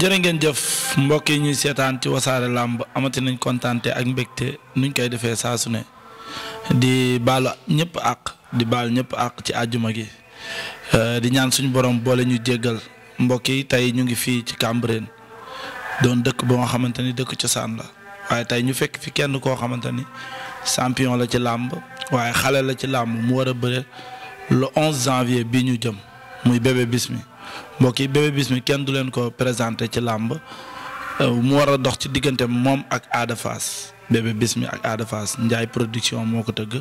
jërë ngeen jëf mbokk yi ñuy seetaan ci wasaare làmb amati nañ kontaante ak mbégte nuñ koy defee saa su ne di baalu ñëpp àq di baal ñëpp àkk ci àjjuma gi euh, di ñaan suñu borom boole ñu jéggal mbokk yi tey ñu ngi fii ci Cambérène doon dëkk boo nga xamante ni dëkk cosaan la waaye tey ñu fekk fi kenn koo xamante ni champion la ci làmb waaye xale la ci làmb mu wara a bëre le 11 janvier bii ñu jëm muy Bébé Bismi mbokk yi bis mi kenn du leen ko présenté ci làmb euh, mu war a dox ci diggante moom ak Ada Fass Bébé Bismi ak Ada Fass Ndiaye production moo ko tëgg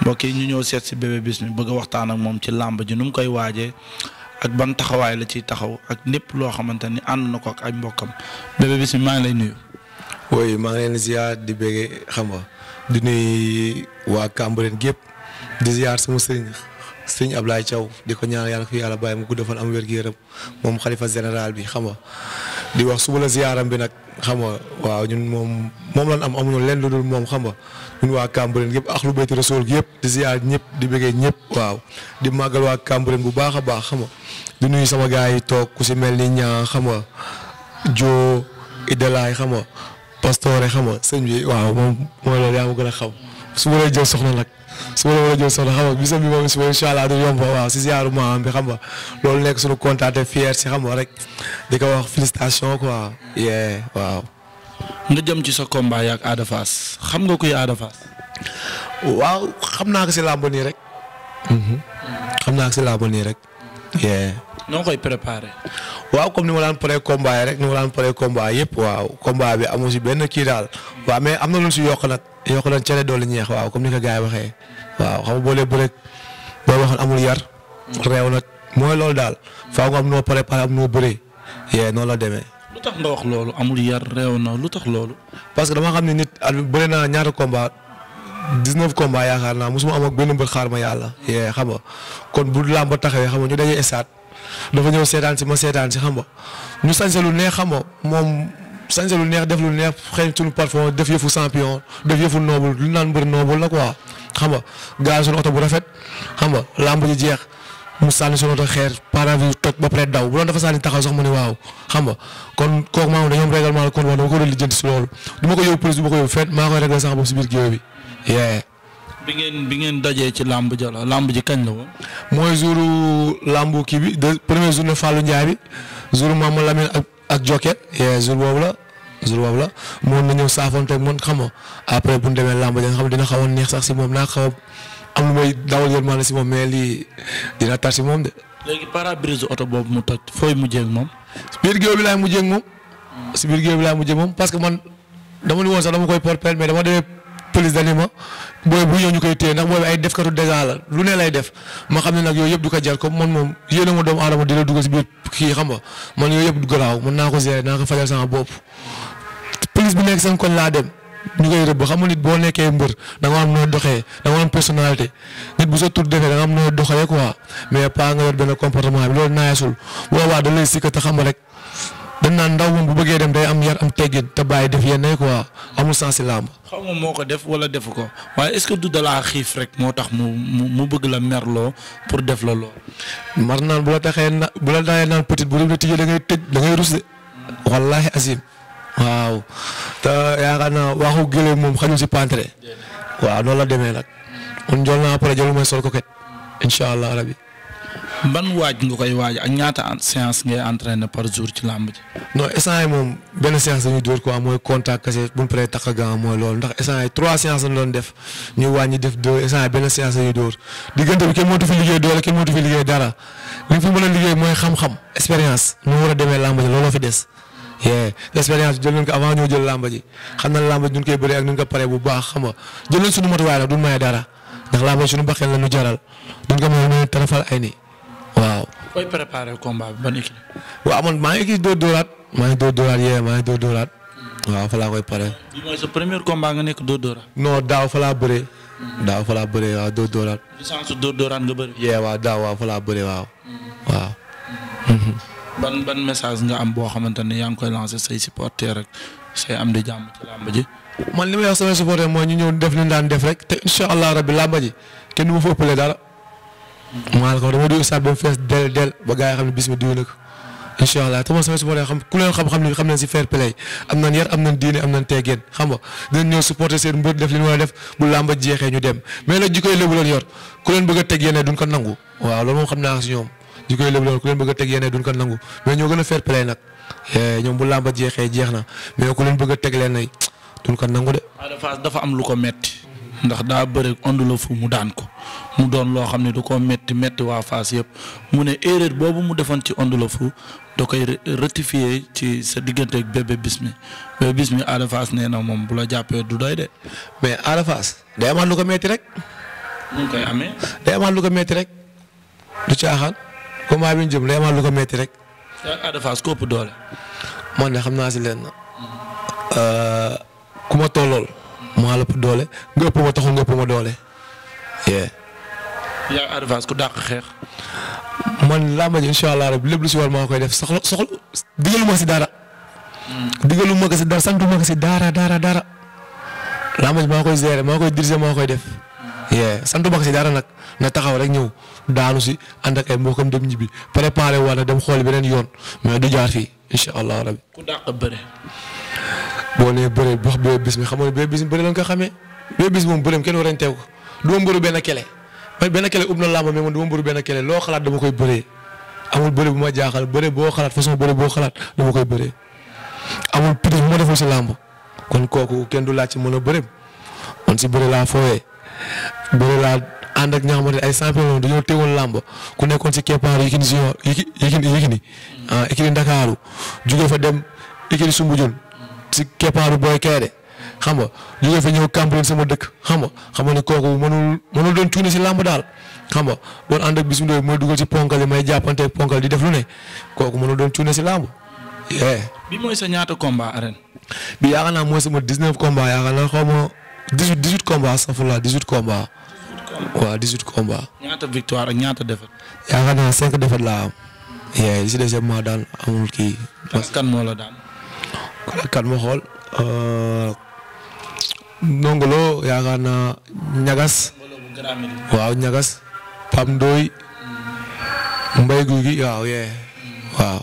mbokk yi ñu ñëw seet si Bébé Bismi bëgg a waxtaan ak moom ci làmb ji nu mu koy waajee ak ban taxawaay la ciy taxaw ak lépp loo xamante ni ànd na ko ak ay mbokkam Bébé Bismi maa ngi lay nuyu. oui maa ngi leen ziar di bëggee xam nga di nuyu waa Cambérène gépp di ziar sama sëriñ sëñ Ablaye Thiaw di ko ñaan yàlla ko yàlla bàyyi mu gudd fan am wér gu yaram moom kalifa général bi xam nga di wax suba la ziyaaram bi nag xam nga waaw ñun moom moom lan am amuñu leen lu dul moom xam nga ñun waa Cambérène yëpp ak lu bayti rasool gi yëpp di ziyaar ñëpp di bëggee ñëpp waaw di màggal waa Cambérène bu baax a baax xam nga di nuyu sama gars yi toog ku si mel ni ñaa xam nga joo idalaay xam nga pastore xam nga sëñ bi waaw moom mooy loolu yaa ma gën a xam su ma lay jël soxna nag su ma la war a jël soxna xam nga bisam bi moom suba incha allah du yomb waaw si ziaru maam bi xam nga loolu nekk suñu kontaate fier si xam nga rek di ko wax félicitation quoi. yee waaw. nga jëm ci sa combat yaak Ada Fass xam nga kuy Ada Fass. waaw xam naa ko si làmb nii rek. Mhm. xam naa ko si làmb nii rek. yee. noo koy préparé. waaw comme ni ma daan paree combat yi rek ni ma daan paree combat yëpp waaw combat bi amu si benn kii daal waaw mais am na lu si yokk nag. yokk leen cere doole ñeex waaw comme ni ko gars yi waxee waaw xam nga boole bu rek boo waxoon amul yar. réew nag mooy loolu daal. faaw nga noo la demee. lu tax nga wax loolu amul yar réew na lu tax loolu. parce que dama xam ne nit at bi bëri naa ñaata combat dix-neuf yaakaar naa mosuma am ak benn mbër xaar ma yàlla. yee xam nga kon bu làmb taxawee xam nga ñu dañuy estaat dafa ñëw seetaan si ma seetaan si xam nga ñu sañse lu neex xam moom sañse lu neex def lu neex xëy suñu parfum def yëfu champion def yëfu noble lu naan mbër noble la quoi xam nga gaari suñu oto bu rafet xam nga ji jeex mu sànni suñu oto xeer paravi toj ba pare daw bu doon dafa sànni taxaw sax ne waaw xam nga kon ko doon lijjanti si loolu si biir géew bi bi ngeen dajee ci làmb ja la ji kañ la woon. mooy jouru làmb kii bi de premier jour ne Fallou Ndiaye ak Joket yee jour boobu la jour boobu la moom na ñëw saafoonteeg man xam nga après bu ñu demee làmb ja nga xam dina xaw a neex sax si moom naa xaw a am lu may dawal yërmande si moom mais lii dina tar si moom de. léegi pare-brise oto boobu mu toj fooy mujjee moom. si biir géew bi laay mujjee moom. si biir géew bi laay mujjee moom parce man dama ni woon sax dama koy porter mais dama demee police dañu ma booy bu ñëw ñu koy téye ndax booy ay defkatu dégâts la lu ne lay def ma xam ne nag yooyu yëpp du ko jar comme man moom yéen a ma doomu aadama di la dugal si biir kii xam man yooyu yëpp du garaaw mën naa ko gérer naa ko fajal sama bopp. police bi nekk seen kon laa dem ñu koy rëbb xam nga nit boo nekkee mbër da nga am noo doxee da nga am personnalité nit bu sa defee da nga am noo doxee quoi mais pas nga yor benn comportement bi loolu naayasul boobaa da lay sikk te xam dañ naan ndaw moom bu bëggee dem day am yar am teggin te bàyyi def yenn quoi amul sens si làmb. xaw ma moo ko def wala defu ko waaye est-ce que du dalaa xiif rek moo tax mu mu bëgg la loo pour def la lool. mar naan bu la taxee na bu la daayee naan petit bu la tijjee da ngay tëj da ngay rus de wallaahi azim waaw te yaakaar naa waxu gëléem moom xajul si pantre waaw noonu la demee nag. kon jël naa après jël mooy sol ko ket incha allah rabi. man waaj nga koy waaj ak ñaata séance ngay entraîner par jour ci làmb ji. non instant yi moom benn séance la ñuy dóor quoi mooy contact kese bu mu paree takk gant mooy loolu ndax instant trois séances la dóor diggante bi kenn mootu fi liggéey doole kenn mootu fi liggéey dara li fi mën a liggéey mooy xam-xam expérience nu mu war a demee làmb ji looloo fi des. yee expérience jël nañ ko avant ñoo jël làmba ji xam na làmba ji ñu koy bëree ak ñu ko paree bu baax xam nga jël nañ suñu matuwaay la duñ maye dara ndax waaw. booy préparer combat bi ban équipe. waaw man maa ngi équipe dóor dóoraat maa ngi dóor dóoraat yee nga nekk dóor dóoraat. non daaw fa laa bëree. daaw fa laa bëree waaw dóor dóoraat. licence yee waaw daaw waaw fa laa bëree waaw. waaw. ban message nga am boo xamante ne yaa ngi koy lancer say supporter rek say am di jàmm ci làmb ji. man li may wax samay supporter mooy ñu ñëw def li daan def rek te incha allah rabbi làmb ji kenn du ma fa ëppalee dara. maa la ko dama dugg stade ba fees del del ba gars yi xam ne bis mi dugg na ko allah te man sama supporter xam ku leen xam-xam ne si fair play am nañ yar am nañ diine am nañ teggeen xam nga dinañ ñëw supporter seen mbër def li ñu a def bu làmba jeexee ñu dem mais nag jikkoy lébu leen yor ko nangu waaw loolu moom xam naa si ñoom jikkoy lébu bu eh, làmba jeexee jeex na mais ku leen bëgg a teg leen duñ ko nangu de. dafa am lu ko metti ndax daa bëre ondu la fu mu daan ko mu doon loo xam ne du ko métti métti waa Fass yëpp mu ne erreur boobu mu defoon ci ondu la fu da koy rectifier ci sa diggante ak bébé bismi bébé bismi Ada Fass nee na moom bu la jàppee du doy de. mais Ada day amaat lu ko métti rek. mu ngi koy amee. day amaat lu ko metti rek. du caaxaan. combat bi ñu jëm day amaat lu ko métti rek. ak Ada Fass képp doole. man de xam naa si lenn. Euh, ku ma tollool maa la ëpp doole nga ëpp ma taxul nga ëpp ma doole. yaa avance ku dàq xeex. man làmba ji incha allah rabbi lépp lu si war maa koy def soxla soxla digalu ma si dara. digalu ma ko si dara santu ma ko si dara dara dara. làmba ji maa koy gérer maa koy diriger maa koy def. santu ma ko si dara nag na taxaw rek ñëw daanu si ànd ak ay mbokkam dem ñibbi préparé wala dem xool beneen yoon mais du jaar fii incha allah rabbi ku dàq bëre. boo nee bëre wax bee bis mi xamoon bee bis mi bëre lañ ko xamee bee bis moom bëreem kenn war nañ teew ko du ma benn kele man benn kele na làmb mais man du ma mbëru benn kele loo xalaat dama koy bëree amul bëre bu ma jaaxal boo xalaat façon bëre boo xalaat dama koy bëree amul pide bu ma deful si làmb kon kooku kenn du laaj ci mën a bëreem man si bëre laa fooyee bëre laa ànd ak ñoo xamante ne ay champion dañoo teewoon làmb ku nekkoon si keppaar Yékini si yoon Yékini Yékini ah Yékini Ndakaaru jugee fa dem Yékini Soumbédioune si keppaaru Boy Kayre de xam nga ñu fa ñëw Cambérène sama dëkk xam nga xam nga ne kooku mënul mënul doon cuune si làmb daal xam nga doon ànd ak bisimilah mooy dugal si ponkal yi may jàppante ak ponkal di def lu ne kooku mënul doon cuune si làmb. Eh. bi mooy sa ñaata combat arène. bi yaakaar naa mooy sama 19 combat yaakaar naa xaw ma 18 18 combat safula 18 combat. waaw 18 combat. ñaata victoire ak ñaata défaite. yaakaar naa 5 défaite laa am. Eh, li si des ma daan amul kii. kan moo la daan. kan ma xool euh, Ndongo Lo yaakaar naa ñagas waaw ñagas Pam Ndooy Mbay Guy gi waaw yee waaw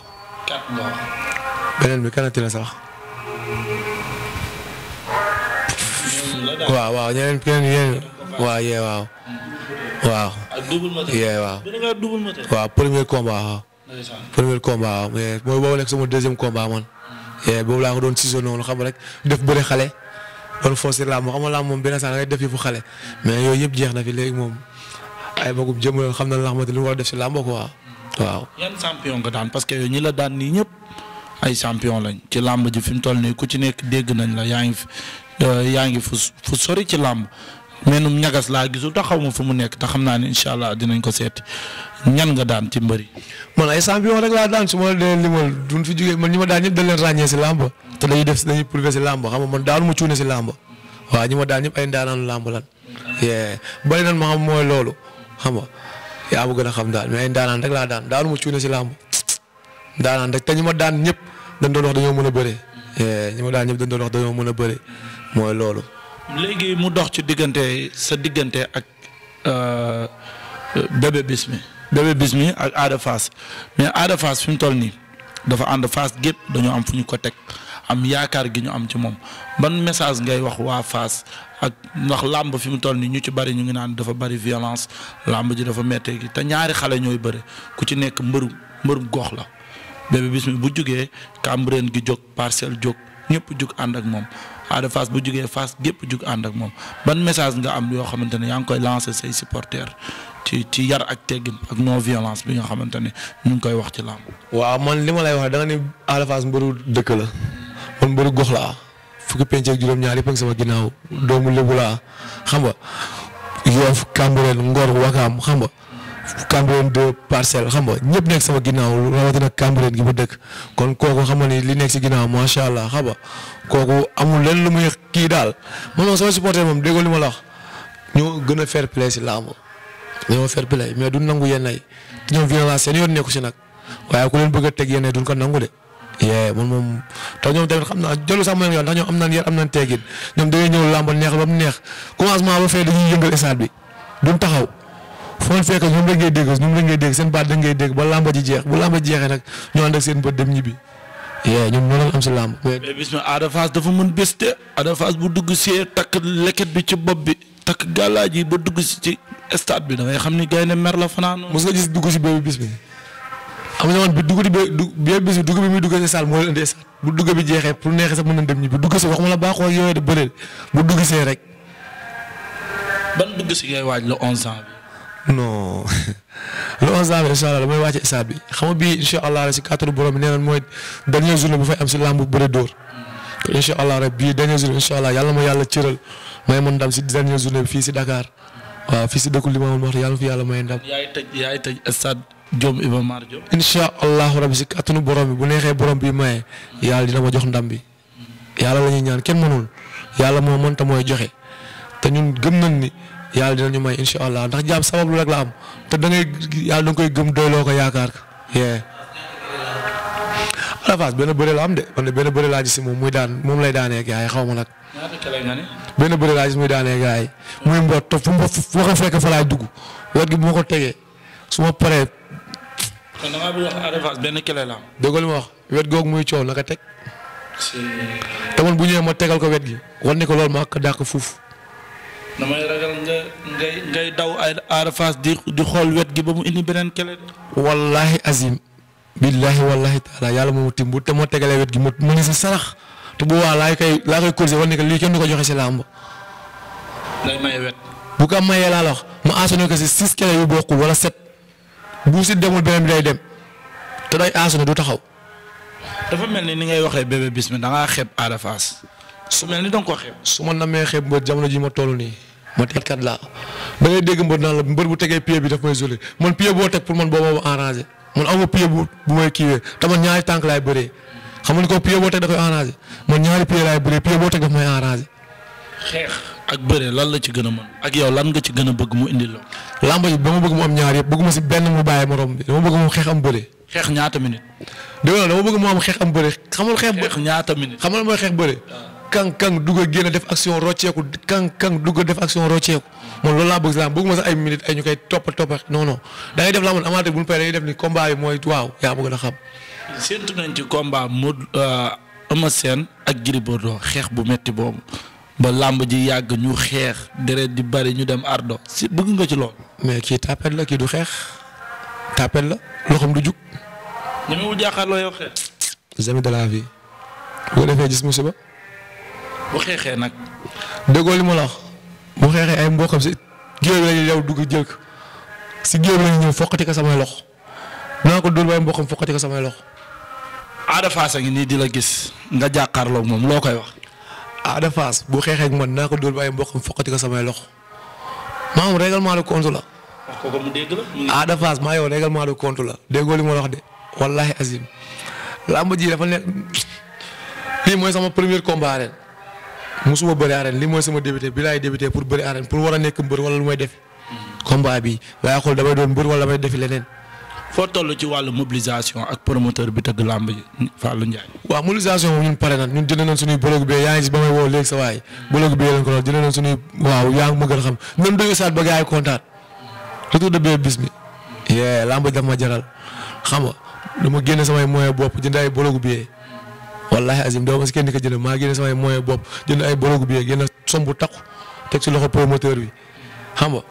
beneen bi kanati la sax waaw waaw ñeneen keneen waaw yee waaw yee waaw premier combat waaw premier combat waaw mooy boobu nekk sama deuxième combat man Eh, boobu laa ko doon saisonné woon xam rek def bëre xale doon forcer làmb xam nga làmb moom benn saa ngay def yëfu xale mais yooyu yëpp jeex na fi léegi moom ay magum jëmm xam na la xamante lu mu war a def si làmb quoi waaw. yan que ñi la daan nii ñëpp ay champion lañ ci làmb ji fi mu toll nii ku ci nekk dégg nañ la yaa ngi euh, yaa ngi fu fu sori ci làmb menum ñagas laa gisul te xaw ma fu mu nekk te xam naa ne incha allah dinañ ko seet ñan nga daan ci mbëri man ay champion rek laa daan su ma leen limal duñ fi jógee man ñi ma daan ñëpp dañ leen ràññee si làmb te dañuy def dañuy prouver si làmb xam nga man daanu ma cuune si làmb waaw ñi ma daan ñëpp ay ndaanaanu làmb lan nan ma mooy loolu xam nga yaa ma a xam daal mais ay ndaanaan rek laa daan daanu ma cuune si làmb ndaanaan rek te ñi ma daan ñëpp dañ doon wax dañoo mën a bëre ñu ma daan ñëpp dañ doon wax dañoo mën a bëre mooy loolu léegi mu dox ci diggante sa diggante ak euh, bébé bis mi bébé bis ak aada faas mais aada faas fi toll nii dafa ànd faas gépp dañu am fu ñu ko teg am yaakaar gi ñu am ci moom ban message ngay wax waa faas ak ndax làmb fi mu toll nii ñu ci bari ñu ngi naan dafa bari violence làmb ji dafa méttee gi te ñaari xale ñooy bëre ku ci nekk mbëru mbëru gox la bébé bis bu jógee Cambérène gi jóg parcelle jóg ñëpp jóg ànd ak moom Ada Fass bu jugee Fass gépp jug ànd ak moom ban message nga am yoo xamante ne yaa ngi koy lancer say supporters ci ci yar ak teggin ak non violence bi nga xamante ne ñu ngi koy wax ci làmb. waaw man li ma lay wax da nga ne Ada dëkk la man mbëru gox la fukki penc ak juróom-ñaar yëpp ak sama ginnaaw doomu lébu laa xam nga Yoff Cambérène Ngor Wakaam xam nga Cambérène de parcelle xam nga ñëpp nekk sama ginnaaw rawatina Cambérène gi bu dëkk kon kooku xam nga ni li nekk si ginnaaw macha allah xam nga kooku amul lenn lu muy kii daal man moom sama supporter moom déggoo li ma la wax gën a fair play si làmb ñoo fair mais du nangu yenn ay te ñoom violence seen yoon nekku si nag waaye ku leen bëgg teg yenn ay ko nangu de. yee te ñoom tamit xam naa jëlu sax ma leen yoon ndax am nañ yar am nañ teggin ñoom dañuy ñëw làmb neex ba mu neex commencement ba fee dañuy yëngal stade bi duñ taxaw foon fekk ñoom la ngay dégg ñoom la ngay dégg seen baat da ngay dégg seen bët dem ñibbi. yee ñun noonu am dafa mën bés te Ada bu dugg see takk leket bi ci bopp bi takk gàllaaj yi ba dugg si ci stade bi damay xam ni gaynde mer la fanaan. mos gis dugg si béy bis bi am na bi dugg di béy bis bi bi muy dugg si moo leen bu dugg bi jeexee pour neexee sax mën na dem ñibbi dugg si waxuma la baaxoo yooyu de bële bu dugg see rek. ban dugg si ngay waaj le 11 ans. non le 11 avril incha allah damay wàcce bi xam nga si kàttanu borom bi nee nañ mooy dernier journée bu fay am si làmb bëre dóor bii dernier journée incha allah yàlla ma yàlla cëral may mën ndam si dernier journée bi fii si Dakar waaw fii si fi yàlla may ndam. yaay tëj yaay tëj stade Diop Iba Mar Diop. si kàttanu borom bi bu neexee borom bi maye yàlla dina ma jox ndam bi yàlla la ñuy ñaan kenn mënul yàlla moo mënta mooy joxe te ñun gëm nañ ni yàlla dinañu may incha allah ndax jaam sabablu rek la am te da yàlla da koy gëm doyloo ko yaakaar ko. Ada Fass benn bëre la laa gis moom muy daan moom lay daanee gaay xaw ma nag. benn bëre laa gis muy daanee gaay muy mboot te fu mu fekk fa laay dugg wet gi bu ma ko tegee su ma paree. kon damaa bëgg wax Ada ma wet googu muy coow naka teg. te man bu ñëwee ma tegal ko wet gi wan ko loolu ma ak dàq fuuf. damay ragal nga ngay daw ay Ada di di xool wet gi ba mu indi beneen kele wallahi azim billahi wallahi taala yàlla moomu bu te moo tegalee wet gi mu mu ngi si sarax te bu waa laa koy laa koy corriger war lii kenn du ko joxe si làmb day maye wet bu ko mayee laa la wax ma asonné ko si six kele yu bokkul wala sept bu si demul beneen bi day dem te day asonné du taxaw dafa mel ni ni ngay waxee bébé bis mi da ngaa su mel ni danga ko xeeb. su ma namee xeeb mbër jamono ji ma toll nii ma teetkat laa da ngay dégg mbër naan la mbër bu tegee pied bi daf may joli man pied boo teg pour man boo ma arrangé man ma pied bu bu may tànk laay bëree xam nga ko pied boo teg da koy ñaari pied laay bëree pied boo teg daf may arrangé. xeex ak bëre lan la ci gën a man ak yow lan nga ci gën a bëgg mu indi la. làmb ji ba ma bëgg mu am ñaar yëpp bëgguma si benn mu bàyyi morom bi dama bëgg mu xeex am bëre. xeex ñaata minute. dégg nga dama bëgg mu am xeex am bëre xamul xeex bëre. Ah. kang-kang dugg a génn def action rocceeku kang dugg def action rocceeku man loolu laa bëgg si làmb bëgguma sax ay minutes ay ñu koy toppa toppa noonu non da ngay def làmb bu ñu paree dañuy def ni combat yi mooy waaw yaa bëgg a xam. séntu nañ ci combat moo ama euh, Sène ak Gris xeex bu metti boobu ba làmb ji yàgg ñu xeex deret di bari ñu dem ardo si bëgg nga ci lool. mais kii tapet la kii du xeex tapet la loxoom du jug. ñu ngi jaaxal loo de la vie. bu defee gis musiba bu xeexee nag. déggoo li ma la wax bu xeexee ay mbokkam si géew la ñuy yow dugg si géew la foqati ko samay loxo naa ko dóor ba ay mbokkam foqati ko samay loxo. Ada di la gis nga jàkkaarloog moom loo koy wax. Ada bu xeexee ak man naa ko dóor ba ay mbokkam ko samay loxo maam règlement de compte la. kooku mu dégg la. Hmm. li ma la de wallaahi azim làmb dafa nekk lii mooy sama premier combat musuma bëri arène li mooy sama débuté bi laay débuté pour bëri arène pour war a nekk mbër wala lu may def. combat bi waaye xool damay doon mbër wala damay def leneen. foo toll ci wàllu mobilisation ak promoteur bi tëgg làmb ji Fallou Ndiaye. waaw mobilisation moom ñun pare na ñun jënd nañ suñuy bolog bi yaa ngi ba may woo léegi sa waay bolog bi lañ ko doon jënd nañ suñuy waaw yaa ba gars yi kontaan de bee bis bi. yee làmb daf ma jaral xam nga dama génne samay moyen bopp jënd ay bolog bi wallaahi azim doo ma si kenn di ko jënd maa génne samay moyen bopp jënd ay borogu bi yeeg yenn som bu takku teg si loxo promoteur bi xam nga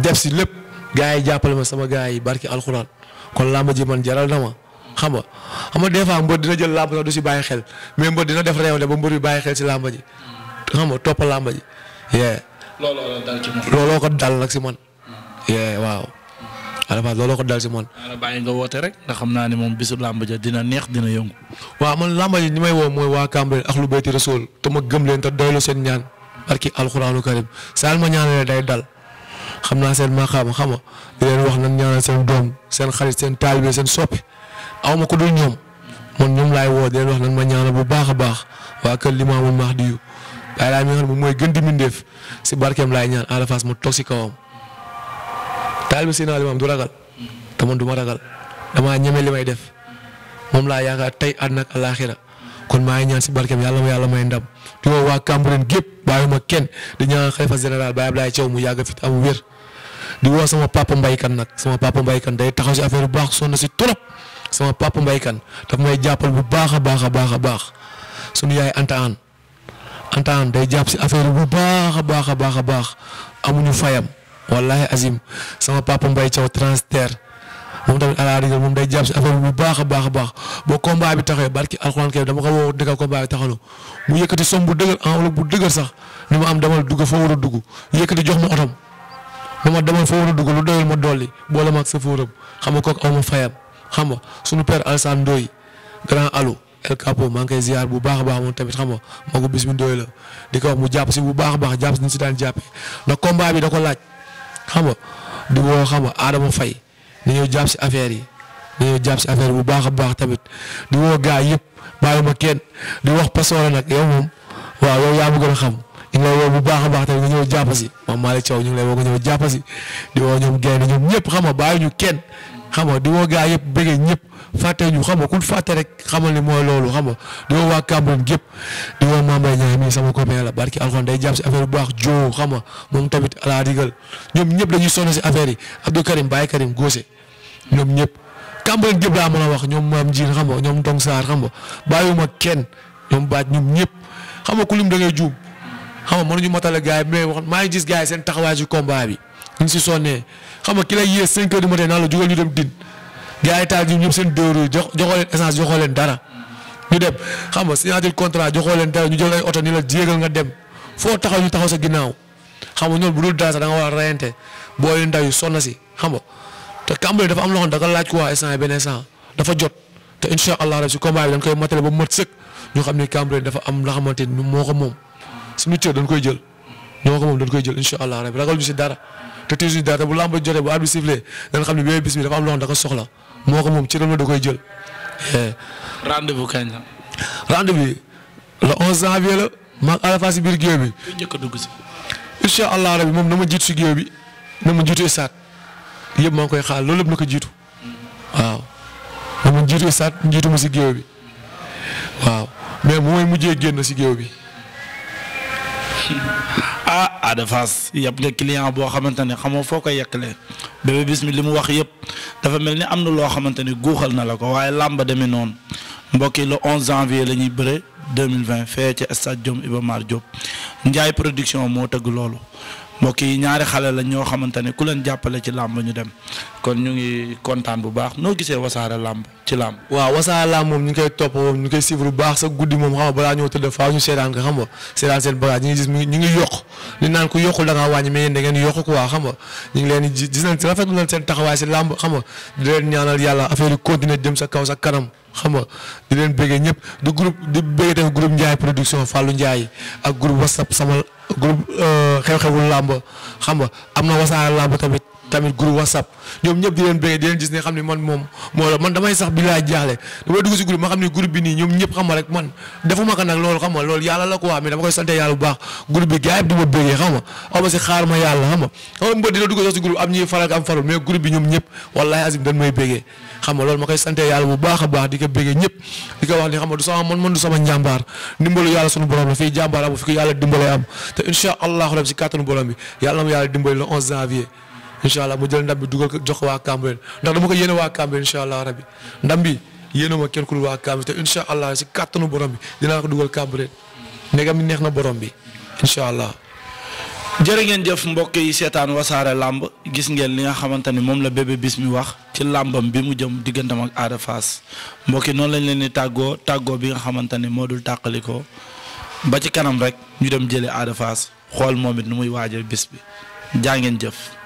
def si lépp gars yi jàppale ma sama gars yi barki alxuraan kon làmb ji man jaral na ma xam nga xam nga des fois mbër dina jël làmb sax du si bàyyi xel mais mbër dina def réew de ba mbër bi bàyyi xel si làmb ji xam nga topp làmb ji. looloo ko dal nag si man. waaw. Alaba looloo ko dal si man. rek ndax xam naa ne moom bisu làmb ja dina neex dina yëngu. waaw man làmb ji ni may woo mooy waa Kambalé ak lu bayti rasul te ma gëm leen te doylu seen ñaan barki alxuraanu karim saal ma ñaanalee day dal xam naa seen maqaama xam nga di wax nan ñaanal seen doom seen xarit seen taalibe seen soppe aw ma ko dul ñoom man ñoom laay woo di wax nan ma ñaanal bu baax a baax waa kër Limaamul Mahdiyu bàyyi laa mi nga xam mooy gën di mindeef si barkeem laay ñaan Ada Fass ma toog si kawam. taal bi Seydina Limaamu du ragal te man du ma ragal damaa ñeme li may def moom laa yaakaar tey àddina ak alaaxira kon maa ngi ñaan si barkeem yàlla ma yàlla may ndam di woo waa Cambérène gépp bàyyiwuma kenn di ñaan fa général Baye Abdoulaye Thiaw mu yàgg fit am wér di woo sama papa mbaykan nag sama papa mbaykan day taxaw si affaire bu baax sonn si trop sama papa mbaykan daf may jàppal bu baax a baax a baax a baax sunu yaay antaan antaan day jàpp si affaire bu baax a baax a baax a baax amuñu fayam. wallahi azim sama papa Mbaye Thiaw transfert moom tamit à la rigueur moom day jàpp si bu baax a baax a baax boo combat bi taxee barki alxuraan kay dama ko woo dëggal combat bi taxalu mu yëkkati som bu dëgër enveloppe bu dëgër sax ni ma am demal dugg foo war a dugg yëkkati jox ma otom ma ma demal foo war a dugg lu doyul ma dolli boole ma ak sa xam nga kooku aw ma fayam xam nga sunu père Alassane Ndoye grand allo El Capo maa ngi koy ziar bu baax a baax moom tamit xam nga maa ko bis la di ko jàpp si bu baax a baax jàpp si ni si daan jàppee ndax combat bi da ko laaj xam nga di woo xam nga Adama Faye dañoo jàpp si affaire yi dañoo jàpp si bu baax a baax tamit di woo gars yëpp bàyyi ma kenn di wax Pasora nag yow moom waaw yow yaa ma gën a xam ñu ngi lay woo bu baax a baax tamit nga ñëw jàpp si moom Malick Thiaw ñu ngi lay woo nga ñëw di woo ñoom gaynde ñoom ñëpp xam nga bàyyi ñu kenn xam nga di woo gaa yëpp bëggee ñëpp fàtte ñu xam nga ku fàtte rek xamal ni mooy loolu xam nga di woo waa Kamboum yëpp di woo Mambay Niang mii la barki alxon day jàpp si affaire bu baax joo xam nga moom tamit ala digal ñoom ñëpp dañuy sonn si affaire yi Abdou Karim Baye Karim Gosé ñoom ñëpp Kamboum yëpp laa mën a wax ñoom maam Dieng xam nga ñoom Ndong Sarr xam nga bàyyiwuma kenn ñoom baaj ñoom ñëpp xam nga ku lim da ngay juum xam nga ñu matale gars yi mais wax maa ngi gis gars yi seen taxawaay ci combat ñu si sonnee xam nga ki lay yées 5 heures du matin naan la jugal ñu dem din gars yi taal seen dóor jox joxoo leen essence joxoo leen dara ñu dem xam nga signature contrat joxoo leen dara ñu jël ay oto ni la jéegal nga dem foo taxaw ñu taxaw sa ginnaaw xam nga ñoom bu dul dara sax da nga war a rayante booy yu ndaw si xam nga te Cambérène dafa am loo xam da nga laaj quoi instant beneen benn dafa jot te incha allah rek si combat bi dañ koy matale ba mat sëkk ñu xam ne Cambérène dafa am loo xamante ni moo ko moom suñu cër dañ koy jël ñoo ko moom dañ koy jël incha allah rabi ragal si dara te tiisuñu dara te bu làmb jotee bu arbitre sifflé xam ne bi dafa am loo xam da moo ko moom ci ram la da koy jël. Eh. rendez-vous la. rendez-vous le 11 janvier la maag si biir géew bi. njëkk a dugg si. incha allah rabi moom na ma jiitu si géew bi na ma jiitu esaat yëpp maa ngi koy xaar loolu yëpp na ko jiitu waaw na ma jiitu esaat njiitu ma si géew bi waaw mais bu may mujjee génn si géew bi. ah Ada Fass yëpp le client boo xamante ne xamoo foo ko yekkale Bébé Bismi li mu wax yëpp dafa mel ni am na loo xamante ne guuxal na la ko waaye làmba demee noonu mbokk yi le 11 janvier la ñuy bëre 2020 fee ci stade Iba Mar Diop Ndiaye production moo tëgg loolu. mbokk yi ñaari xale la ñoo xamante ne ku leen jàppale ci làmb ñu dem kon ñu ngi kontaan bu baax noo gisee wasaare làmb ci làmb waaw wasaare làmb moom ñu ngi koy topp moom ñu koy suivre bu baax sa guddi moom xam balaa ñoo tëdd faaw ñu seetaan ko xam seetaan seen bagage ñu ngi yokk li naan ko yokkul da wàññi mais yéen yokk quoi xam nga ñu leen di gis nañ rafetlu nañ si làmb xam di leen ñaanal yàlla affaire yi continuer sa kaw sa kanam xam di leen bëggee ñëpp di groupe di groupe euh, xew-xewul làmb xam nga am na wasaare làmb tamit tamit groupe whatsapp ñoom ñëpp di leen bëggee di leen gis ne xam ne man moom moo man damay sax bi jaaxle damay dugg si groupe ma xam ne groupe bi nii ñoom ñëpp xam nga rek man defuma ko nag loolu xam ma koy sante yàlla bu baax a baax di ko bëggee ñëpp di ko wax ni xam nga du sama man ndimbalu yàlla sunu borom la fii am fi ko yàlla dimbalee am te incha allahu rabi si kàttanu borom bi yàlla dimbali le 11 janvier incha allah mu jël ndam bi dugal ko jox waa Cambérène ndax dama ko yéene waa Cambérène incha allah rabbi ndam bi yéene ma kenn ku dul waa Cambérène te incha allah si kàttanu borom bi dinaa ko dugal Cambérène ndegam neex na borom bi incha allah. jërë ngeen jëf mbokk yi seetaan wasaare làmb gis ngeen li nga xamante ni moom la Bébé Bismi wax ci làmbam bi mu jëm diggantam ak Ada Fass noonu lañ leen di tàggoo tàggoo bi nga xamante ni moo dul tàqalikoo ba ci kanam rek ñu dem jëlee Ada xool moom it nu muy waajal bis bi jaa ngeen jëf.